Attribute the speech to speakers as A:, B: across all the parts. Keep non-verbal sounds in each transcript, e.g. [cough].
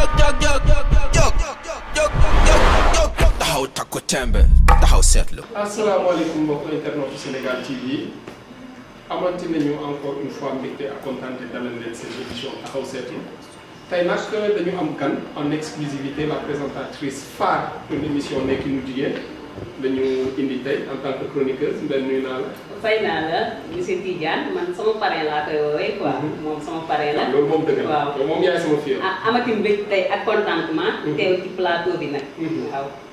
A: Assalamu takku tembe taxaw seetlu. Sénégal TV de nous encore une fois mbégte à contenter dans leen seen émission taxaw seetlu tey nag dañu am en exclusivité la présentatrice phare de l'émission Nekki dañu indi tey en tant que chroniqueur Mbène nuyu naa la.
B: fay naa la monsieur Tidiane man sama parrain laa koy woowee quoi. Mhm. moom sama parrain la. Ah, loolu moom dëgg la moom yaay sama fii. ah amati mbég tey ak contentement. Mhm. teew ci plateau bi nag. Mhm.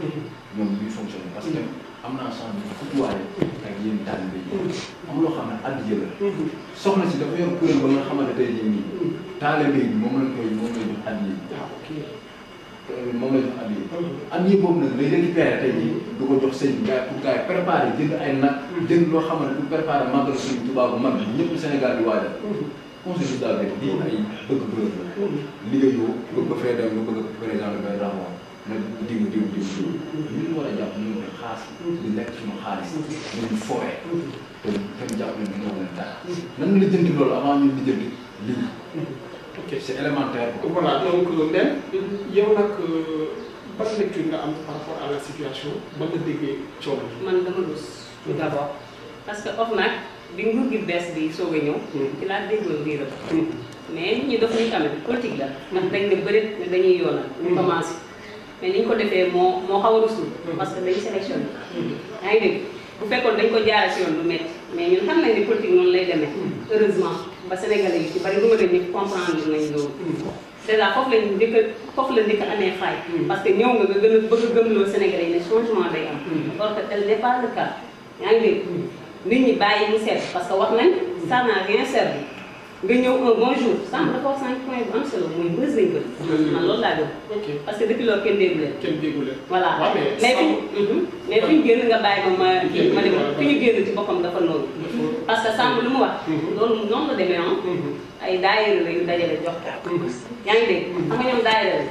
C: ñoom [laughs] ñuy fonctionner parce que am naa chance bu tuwaale ak yéen taalibe yi mm-hmm. am loo xam ne addiya la mm-hmm. soxna si dafa yor kuréel ba nga xamante tey jii nii mm-hmm. taalibe yi moom lañ koy moom lay jox addiya yi ah, moom lay jox addiya yi addiya boobu nag lay récupéré tey jii du ko jox sëñ bi pour gars yi préparé jënd ay nag jënd loo xam ne pour préparé màggal suñu tubaabu mag bi ñëpp Sénégal di waajal conseil social bi di ay bëgg-bëgg la liggéeyoo bëgg ba fee dem lu bëgg par exemple bay ramoo ma diw diw diw diw ñun war a jàpp ñu ne xaas di lekk suñu xaalis dañu fowe te kenn jàpp ne dina leen dara nan la jënd loolu avant ñu lijjanti lii
A: ok c'est élémentaire voilà donc nen yow nag
B: ban lecture nga am par rapport à la situation ba nga déggee coono man dama dus tout d'abord parce que of nag bi nguur gi bees bi ci mais ñi politique la ndax dañ ne dañuy yoonal mais ni ñu ko defee moo moo xaw a mm-hmm. parce que dañu sélectionné mm-hmm. yaa ngi dégg bu fekkoon dañ ko jaara si yoon lu métti mais ñun xam nañ ne politique noonu lay demee mm-hmm. heureusement ba sénégalais yi ci bari lu ma ne ñëpp comprendre nañ loolu déjà a foofu la njëkk a parce que ñëw nga nga gën a bëgg a gëmloo sénégalais ne changement que tel n'est pas le cas yaa ngi dégg nit ñi bàyyi ñu seet parce que wax nañ ça n'a rien servi nga ñëw un bon jour sànq dafa wax sànq point bu am solo mooy mbës man loolu laa gëm. parce que depuis loolu kenn déggu leen. kenn déggu leen. voilà mais mhm. mais fi ñu génn nga bàyyi ma ma ma dem fi ñu génn ci boppam dafa noonu. parce que sànq lu mu wax. Mhm. loolu noonu la demee ah. Mhm. ay daayira la yu dajale jox ko. yaa ngi dégg. xam nga ñoom daayira la.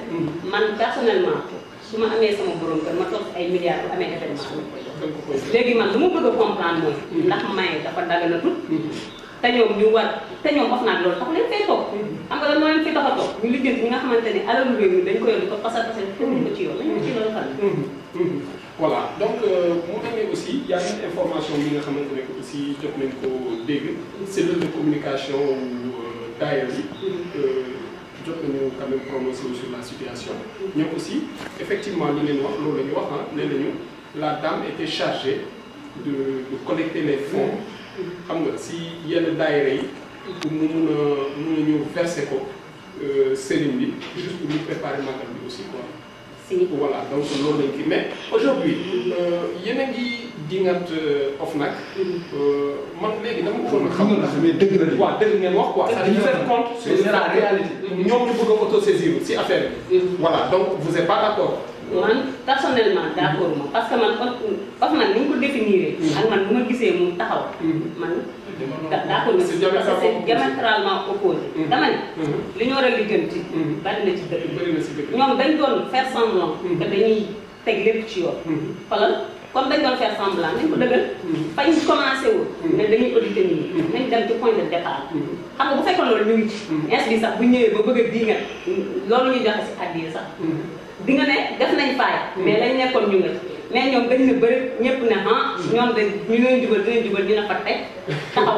B: man personnellement su ma amee sama borom kër ma toog ay milliards bu amee événement léegi man lu ma bëgg a comprendre mooy. ndax may dafa tout te ñoom ñu war te ñoom of naag loolu tax leen fay toog xam nga lan moo leen fi tax a toog ñu liggéey bi nga xamante ne alalu réew mi dañ ko yor di ko pasar pasar teguñ ko ci yoon lañu ci loolu xam hum, hum, hum, voilà donc euh, mu amee aussi y a une information
A: bi nga xamante ne ko aussi jox nañ ko dégg cellule de communication euh, daayira bi euh, jot nañu quand même prononcé sur la situation ñoom aussi effectivement ñu leen wax loolu la ñu wax ah nee nañu la dame était chargée de de collecter les fonds si il y a mun a ñëw verser euh, juste pour ñu préparer ma bi aussi quoi. voilà donc loolu mais aujourd'hui euh, a ngi dingat euh, mm-hmm. dama ko xam de. ngeen wax quoi. Ça compte la réalité. ñoom ñu bëgg affaire mm-hmm. voilà donc vous êtes pas d'accord.
B: man personnellement d' accord ma parce que man Ousmane ni nga ko définir. ak man bu ma gisee mu taxaw. man d' accord ma si parce que c' est diamétralement opposé. Mm-hmm. dama ne. Mm-hmm. li ñu war a lijjanti. Mm-hmm. bari na ci dëkk bi ñoom dañ doon faire semblant. que dañuy teg lépp ci yoon. xoolal comme dañ doon faire semblant nañ ko dëggal. fañ commencé wu. mais dañuy auditer nit ñi. nañ dem ci point de départ. xam nga bu fekkoon loolu ñu ngi ci. est sax bu ñëwee ba bëgg a diingat loolu ñu joxe si addiya sax. di nga ne def nañ faay mais lañ nekkoon ñu nga ci ñoom dañ ne bëri ñëpp ne ah ñoom de ñu ngi leen jubal dinañ jubal dina fàtte taxaw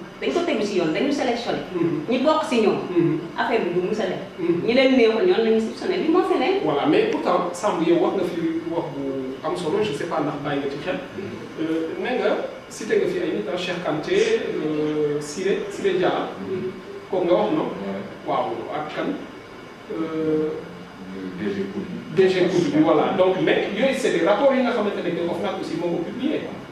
B: dañ ko tegu si yoon dañu sélectionné. Mhm. ñi bokk si ñoom. Mhm. affaire bi du mu select. Mhm. ñi leen neexul ñoom lañu sélectionné li moo fi ne. voilà mais
A: pourtant Samb yow wax nga fi wax bu am solo je sais pas ndax bàyyi nga ci xel. Euh, nee nga cité nga fi ay nit ah Cheikh Kanté euh, Siré Siré Dia. kooku nga wax noonu. waaw ak kan. Euh, DG Coutu. DG Coutu voilà donc mais yooyu c'est des rapports yi nga xamante ne que OFNAC aussi moo ko publié.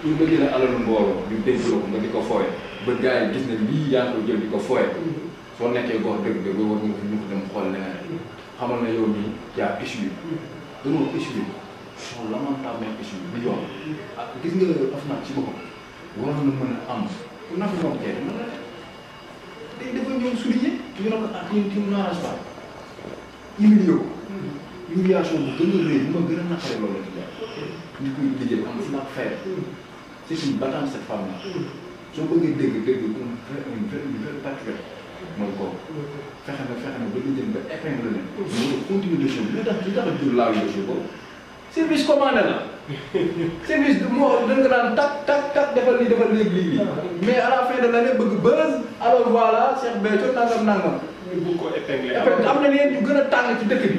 C: pour nga jëlee alalu mbooloo ñu denc la ko nga di ko fooye ba gars yi gis ne lii yaa ngi ko jël di ko fooye mm-hmm. soo nekkee gox dëgg dëgg war nga ko ñu ko dem xool leneen mm-hmm. xamal na yow nii yaa bi mm-hmm. yoon ak gis nga af naa ci boppam waroon na mën a am ku dafa ñëw souligné ñu ne ko ak ah, ñun bu gën a rëy bu ma gën a naqare loolu la ñu koy liggéey am si nag fayal c'est une battante cette femme là. Mm. soo bëggee dégg dégg une vraie une vraie une vraie patriote mooy kooku. fexe na fexe na ba ñu jëm ba épingle leen. la mm. continuer de chose lu tax lu tax a jur laaw de chose boobu. service commandé la. [laughs] service du moo da nga daan tak tak tak defal lii defal léegi lii mm. mais à la fin de l'année bëgg buzz alors voilà Cheikh Béthio nangam nangam.
A: ñu bëgg ko épinglé am na leen
C: ñu gën a tàng ci dëkk bi.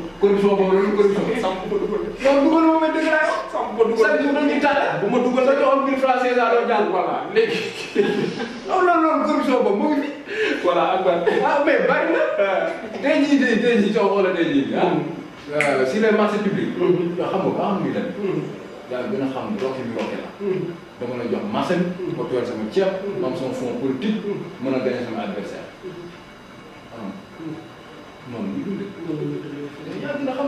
C: condition boobu la condition samp ko dugal yow dugal ma mais dëgg laa samp ko dugal sa dugal ñu tànn bu ma dugal sa joxoon ngir français laa doon jàng voilà léegi non non loolu condition boobu mu ngi fi ak ban ah mais bari na tey jii tey tey jii soo xoolee tey jii ah si les hmm. marchés publics yoo xam nga ba xam ni dem daal gën a xam roxi bi roxi la dama la jox marché ko tuwal sama ceeb ma am sama fond politique mën a sama adversaire non non ñu dundee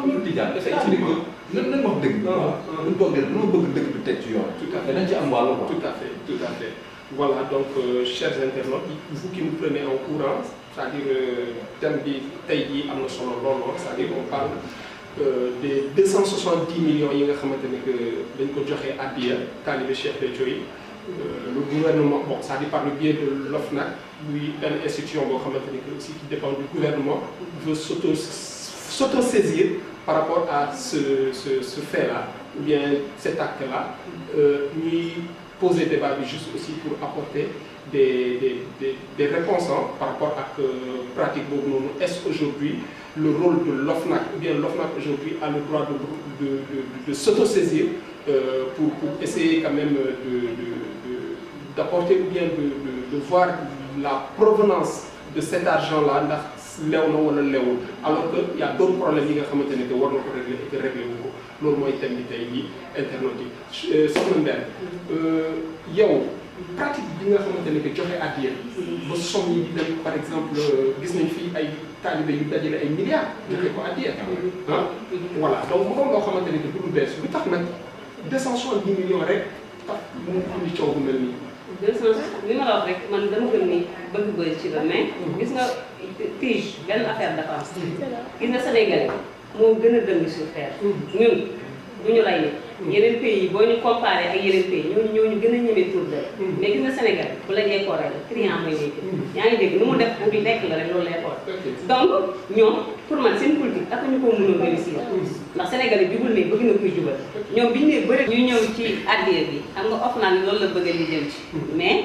C: loolu du tijaan kese ci dëgg nan nan wax dëgg waaw luñ toogee dañoo
A: bëgg dëgg bi teg ci yoon tout à fait dañ ci am wàllu quoi tout à fait tout à fait voilà donc euh, chers internautes vous qui nous prenez en courant c'est-à-dire euh, thème bi tey jii am na solo lool c'est-à-dire on parle Euh, des 270 millions yi nga xamante ne que dañ ko joxee addiya talibé Cheikh Béthio yi euh, le gouvernement bon c'est-à-dire par le biais de l'OFNAC lui une institution boo xamante ne que aussi qui dépend du gouvernement veut s'auto saisir par rapport à ce, ce, fait-là, ou bien cet acte-là, euh, lui poser des débat juste aussi pour apporter des, des, des, réponses hein, par rapport à que pratique Est-ce aujourd'hui le rôle de l'OFNAC, ou bien l'OFNAC aujourd'hui a le droit de, de, s'autosaisir euh, pour, pour, essayer quand même d'apporter ou bien de, voir la provenance de cet argent-là lew na wala lewul alors que y' a d'autres problèmes yi nga xamante ne que war na ko régler et loolu mooy thème bi tey jii internet yi euh, soxna Mbène euh, yow pratique bi nga xamante ne que joxe addiya ba som yi di par exemple euh, gis nañ fii ay taalibe yu dajale ay milliards
B: joxe ko addiya
A: ah voilà donc mu doon loo xamante ne que du lu bees lu tax nag
B: deux cent soixante dix millions rek tax mu indi coow bu mel nii deux ma la rek man dama gën football ci la mais. Mhm. gis nga tige benn affaire dafa am. gis nga sénégalais moo gën a dëng sur terre. Mhm. ñun bu ñu lay nit. Mhm. yeneen pays yi boo ñu comparé ak yeneen pays ñooñu ñooñu gën a ñeme tour de mais gis nga Sénégal bu la ñuy kooree la triant mooy léegi. bi lekk lay a bëgg na koy jubal. ñoom bi ñu nee bëri ñu ñëw ci àddina bi am nga of naa ne loolu la bëgg a lijjanti mais.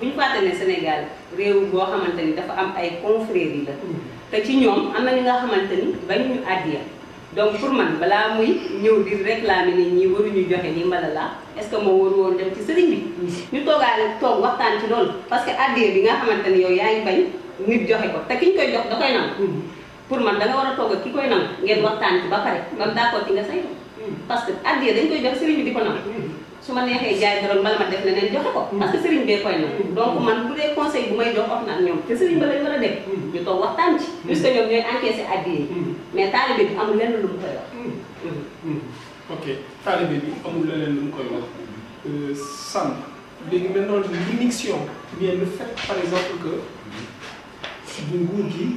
B: bu ñu fàtte ne Sénégal réew boo xamante ni dafa am ay confréries la te ci ñoom am na ñu nga xamante ni bañ ñu àddiya donc pour man balaa muy ñëw di réclamer ni ñi waruñu joxe ni mbala la est-ce que moo waru woon dem ci sëriñ bi ñu toogaale toog waxtaan ci loolu parce que àddiya bi nga xamante ni yow yaa ngi bañ nit joxe ko te ki ñu koy jox da koy nangu pour man da nga war a toog ak ki koy nangu ngeen waxtaan ci ba pare bam d'accord ci nga say mm. parce que àddiya dañ koy su ma neexee jaay doroog mbala ma def leneen joxe ko parce que sëriñ bee koy na donc man bu dee conseil bu may jox wax na ak ñoom te sëriñ ba lañ war a def ñu toog waxtaan ci puisque ñoom ñooy encaissé addiyee mais taalibe bi amul lenn lu mu koy wax ok taalibe bi
A: amul leneen lu mu koy wax euh, sànq léegi mel noonu l'émission bien le par exemple que bu nguur gi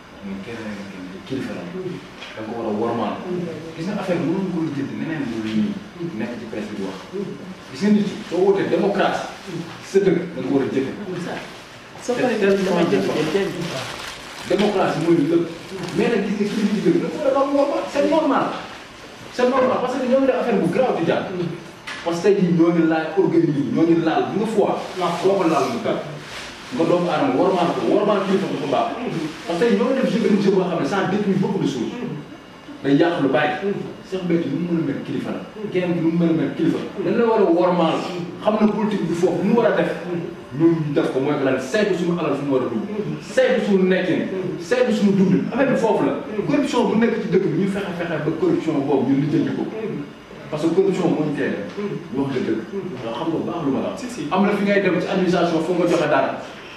C: muy kenn kilifa la da nga ko war a wormaal gis nga affaire bi mënuñ ko lijjanti neneen lu nii nekk ci presse bi di wax gis nga nit yi soo wootee démocratie sa dëkk da nga ko war a jëfe démocratie mooy lu ëpp mais nag gis nga kilifa ci dëkk da nga
A: war a wormaal c'est
C: normal c'est normal parce que ñoo ngi def affaire bu grave di jàll mm. parce que tey jii ñoo ngi laal organisé ñoo ngi laal bu nga fois. waaw foo ko laal mu gàtt nga doomu aadama warmaal ko warmaal kilifa dafa baax parce que ñoo def jeu benn jeu boo xam ne ça détruit beaucoup de choses day yàq lu bàyyi Cheikh Béthio lu mu mën a mel kilifa la kenn lu mu mën a mel kilifa dañ la war a warmaal xam ne politique bi foofu nu war a def ñoom ñu def ko mooy que lan saytu suñu alal fu mu war a dugg saytu suñu nekkin saytu suñu dund affaire bi foofu la corruption bu nekk ci dëkk bi ñu fexe fexe ba corruption boobu ñu lijjanti ko parce que corruption mooñu teel wax nga dëgg nga xam nga baax lu ma la am na fi ngay dem ci administration foo nga joxe dara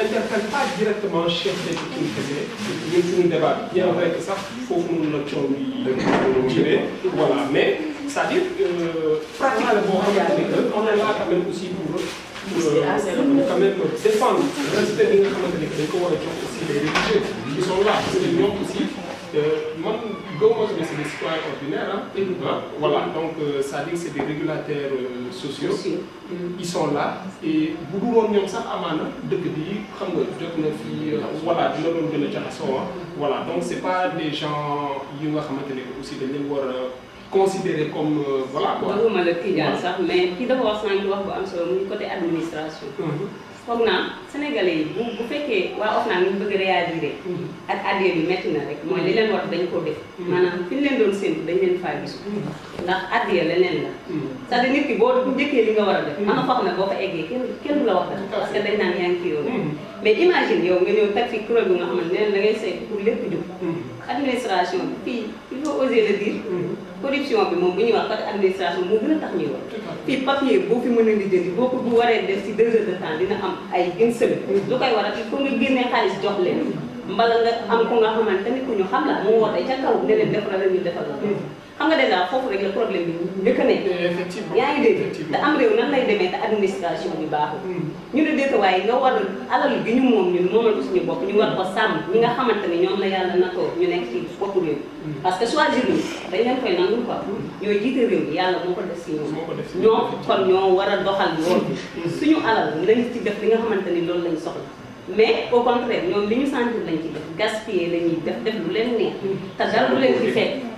A: interpelle pas directement chef l'équipe kese ñun suñu débat bi bien vrai que sax foofu noonu la coow yi voilà mais c'est-à-dire euh, pratiquement boo xamante on est là quand même aussi pour euh, ah, quand même défendre respecter bi nga que aussi les réfugiés qui sont là c'est que ñoom aussi man gëw ma ne c'est des citoyens ordinaires ah. ah voilà donc ça à dire c'est des régulateurs euh, sociaux. ils sont là et bu dul woon ñoom sax amaana dëkk bi xam nga jot na fi euh, voilà dina doon gën a jaxasoo hein. voilà donc c'est pas des gens yu nga xamante ne aussi de leen war a considérer comme euh, voilà quoi. dëgguma
B: mais ki dafa wax sànq wax bu am solo muy côté administration. Mm-hmm. foog naa sénégalais bu bu fekkee waa OFNAC ñu bëgg réagir mhm. ak adhéré bi métti na rek mooy mhm. li leen war dañ ko def mhm. maanaam fi ñu leen doon séntu dañ leen faa gis ndax adhéré la c'est-à-dire nit ki boo bu njëkkee li nga war a def am na foo xam boo ko eggee kenn kenn du la wax dara parce que dañ naan yaa ngi ci yoon mais imagine yow nga ñëw teg fi kuréel bi nga xam ne leneen da ngay saytu pour lépp jub administration bi ñuy wax administration moo gën a tax ñuy fii papier boo fi mën a lijjanti boo ko bu waree def si deux heures dina am ay une semaine. lu koy waral il faut nga génnee xaalis jox leen. mbala nga am ko nga xamante ni ku ñu xam la mu woote ca kaw ne leen defal la ñu defal la. xam nga dèjà foofu rek la problème bi njëkk a nekk. effectivement yaa ngi te am réew nan lay demee te administration bi baaxul. Hmm. ñu ne déet waaye nga war alal gi ñu moom ñun moomal ko suñu bopp ñu war ko sàmm ñi nga xamante ne ñoom la yàlla ko ñu nekk ci boppu réew. Hmm. parce que choisir ñu dañ leen koy nangul quoi. Hmm. ñooy jiite réew mi yàlla moo ko def si ñoom. ñoo kon ñoo war a doxal loolu. suñu alal lañ ci def li nga xamante ni loolu lañ soxla. mais au contraire ñoom li ñu sentir lañ ci def gaspiller lañuy def def lu leen neex.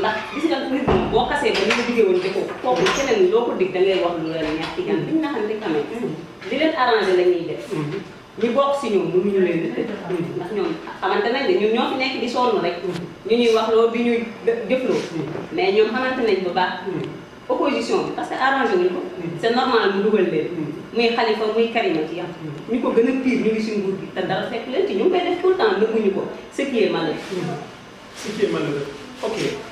B: ndax gis nga nit moom boo xasee ba li nga diggee woon defoo kooku loo ko dig da ngay wax lu la neex ci gan bi nga xam ne quand même mm-hmm. li leen def mm-hmm. ñu bokk si ñoom mënuñu leen di def mm-hmm. ndax ñoom xamante nañ ne ñoo fi nekk di sonn rek ñuy wax loo bi ñuy jëfloo mais ñoom xamante nañ bu baax opposition bi parce que arrangé wuñ ko c'est normal mu dugal leen muy Khalifa muy Karima ci yam ñu ko gën a pire ñu ngi si nguur gi te dara fekk leen ci ñu ngi koy def tout temps nëbbuñu ko ce qui est malheureux
A: ce qui est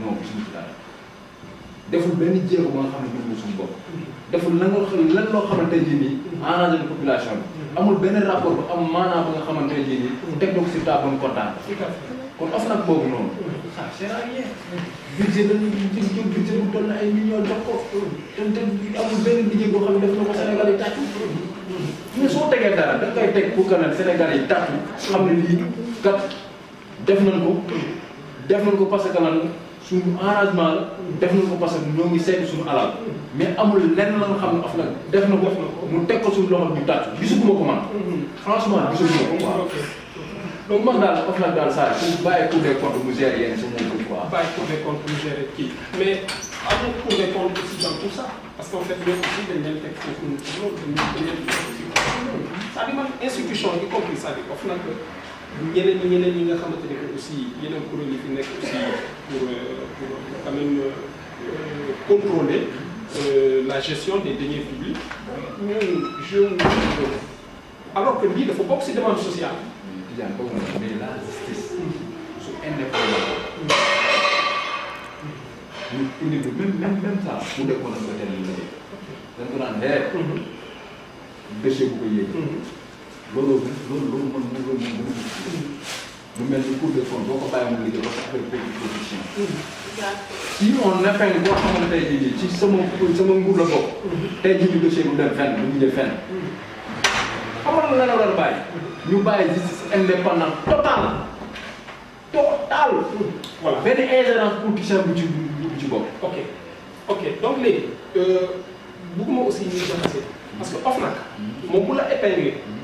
C: non gisuñu ci dara deful benn jéego ba nga xam ne jublu suñu bopp deful lan nga xam lan loo xamante ne nii arrangé na population bi mm-hmm. amul benn rapport bu am maanaam ba nga xamante ne nii mm-hmm. teg na ko si table kontaan kon OFNAC boobu noonu ah c'est rien budget dañu jël jël budget bu toll na ay millions jox ko te te amul benn budget boo xam ne def na ko Sénégal yi tàcc mais soo tegee dara da ngay teg pour que nag Sénégal yi tàcc xam ne lii kat def nañ ko def nañ ko parce que lan suñu arrangement la def nañ ko parce que ñoo ngi seeti suñu alal mais amul lenn la nga xam ne af nag def na ko mu teg ko suñu loxo ñu tàcc gisuguma ko man franchement gisuguma man daal af nag daal saa yi bàyyi Cour des comptes mu gérer yéen sa moom bi quoi bàyyi Cour des comptes mu gérer kii mais
A: amul parce que en fait ñoom aussi dañ leen teg foofu loolu dañ leen teg man institution yi compris c'est-à-dire ñeneen ñi a ñi nga aussi fi aussi pour euh, pour quand même euh, contrôler euh, la gestion des deniers publics alors que lii dafa pas si demande sociale.
C: mais la justice même même même temps mu ko loolu loolu loolu man moom loolu moom dama lu mel ni cour des comptes boo ko bàyyi mu liggéey ba ko affaire petite production. si on épingle boo xamante tey jii nii ci sama sama nguur la bokk. tey jii nii dossier bu dem fenn bu ñu jëm fenn. xamal la la war a bàyyi. ñu bàyyi justice indépendant total. total. voilà
A: benn ingérence politicien bu ci bu ci bokk. ok ok donc léegi euh, bëgguma aussi ñu jaxase parce que OFNAC hmm. moom bu la épinglé. Hmm.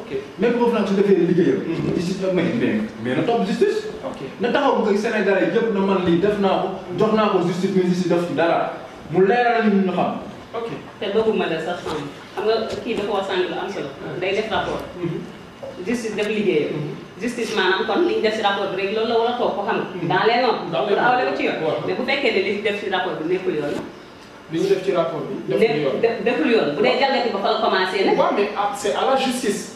A: ok même boobu
C: nag su defee liggéeyam. Mm-hmm. justice la may mais mais na topp justice. na taxaw ko Sénégalais yëpp na man lii def naa ko. jox naa ko justice mais justice def ci mu leeral ñu ñu xam.
B: ok te bëgguma la sax xam nga kii dafa wax sànq lu am solo. Mm-hmm. day def rapport. Mm-hmm. justice def liggéeyam. justice maanaam kon li ñu def si rapport bi rek loolu la war a toog ko xam nga. dans les normes. dans les normes pour ci yoon. mais bu fekkee ne li ñu def si rapport bi nekkul yoon. li bi. la commencé nag. waaw mais ah, c'est justice.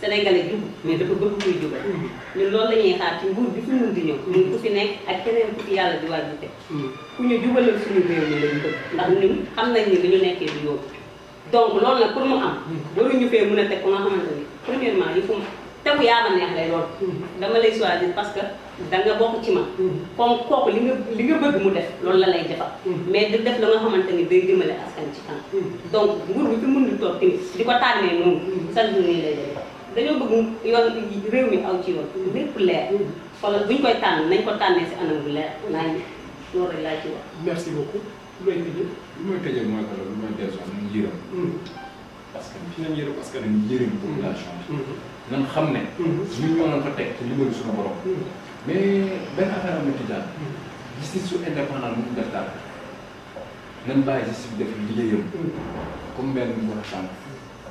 B: sénégalais jub mais dafa bëgg kuy jubal mm-hmm. ñun loolu la ñuy xaar ci nguur bi fi mun di ñëw ñun fi nekk ak keneen ku fi yàlla di wàllu te mm-hmm. ku ñu jubalal suñu réew mi xam nañ li ñu nekkee du yóbbu donc loolu nag pour mu am mm-hmm. waruñu fee mën a teg ko nga xamante ni premièrement il faut tegu yaa ma neex lay loolu dama lay choisir parce que da nga bokk ci ma comme kooku li nga li nga bëgg mu def loolu la lay defal mais du def la nga xamante ni day jëmale askan ci kanam donc nguur bi fi mun di toog tamit di ko tànnee noonu saldu nii lay def dañoo bëgg yoon réew mi aw ci yoon lépp leer xoolal bu koy tànn nañ ko tànnee si anam bu leer naa ngi loolu laa ci wax.
A: merci beaucoup lu may tëjee. lu may tëjee
C: mooy que nañ yërëm. parce que fi nañ yërëm parce que dañu yërëm population bi. Hmm. nañ xam ne. Hmm. ñun ñoo doon fa teg te liggéeyu suñu borom. Hmm. mais benn affaire am na tijaan. su indépendant mu def dara. nañ bàyyi justice bi def liggéeyam. comme benn bu ko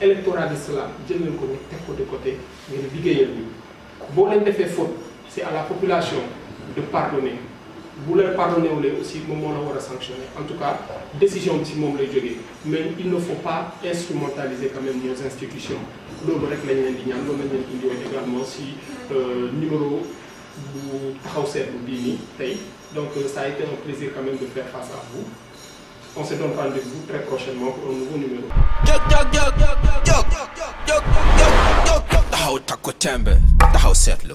A: électorat de cela ne me pas ñu de côté mais liggéeyal ñu Vous avez fait faute c'est à la population de pardonner Vous leur pardonnez aussi mais moo la war sanctionner en tout cas décision de si de mais il ne faut pas instrumentaliser quand même nos institutions Nous rek di nous également si euh, numéro de taxaw seetlu bini, donc euh, ça a été un plaisir quand même de faire face à vous on se donne rendez-vous très prochainement pour un nouveau numéro. jóg jóg jóg jóg taxaw takku tembe taxaw seetlu